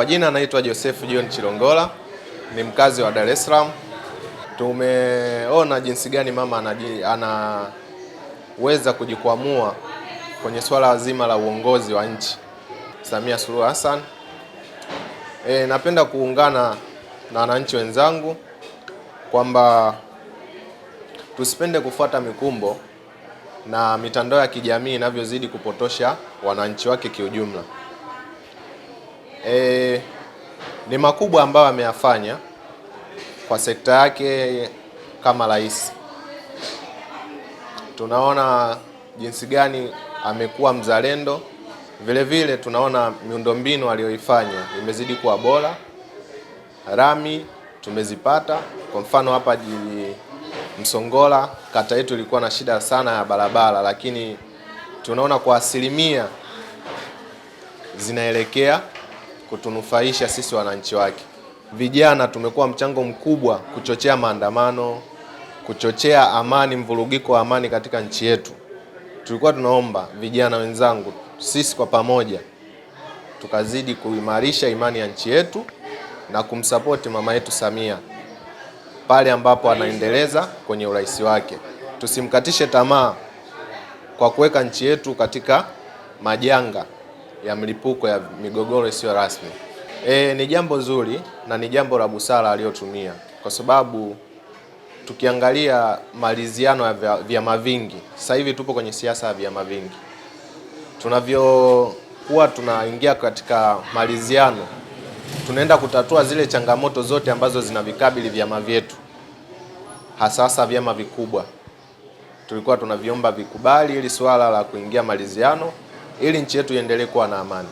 Kwa jina anaitwa Joseph John Chilongola, ni mkazi wa Dar es Salaam. Tumeona jinsi gani mama anaweza kujikwamua kwenye swala zima la uongozi wa nchi, Samia Suluhu Hassan. E, napenda kuungana na wananchi wenzangu kwamba tusipende kufuata mikumbo na mitandao ya kijamii inavyozidi kupotosha wananchi wake kiujumla e, ni makubwa ambayo ameyafanya kwa sekta yake kama rais. Tunaona jinsi gani amekuwa mzalendo, vile vile tunaona miundombinu aliyoifanya imezidi kuwa bora. Rami tumezipata, kwa mfano hapa jiji Msongola kata yetu ilikuwa na shida sana ya barabara, lakini tunaona kwa asilimia zinaelekea kutunufaisha sisi wananchi wake. Vijana tumekuwa mchango mkubwa kuchochea maandamano, kuchochea amani, mvurugiko wa amani katika nchi yetu. Tulikuwa tunaomba vijana wenzangu, sisi kwa pamoja tukazidi kuimarisha imani ya nchi yetu na kumsapoti mama yetu Samia pale ambapo anaendeleza kwenye urais wake. Tusimkatishe tamaa kwa kuweka nchi yetu katika majanga ya mlipuko ya migogoro isiyo rasmi. E, ni jambo zuri na ni jambo la busara aliyotumia kwa sababu tukiangalia maliziano ya vyama vingi sasa hivi tupo kwenye siasa ya vyama vingi, tunavyokuwa tunaingia katika maliziano, tunaenda kutatua zile changamoto zote ambazo zinavikabili vyama vyetu, hasa hasa vyama vikubwa. Tulikuwa tunaviomba vikubali ili swala la kuingia maliziano ili nchi yetu iendelee kuwa na amani.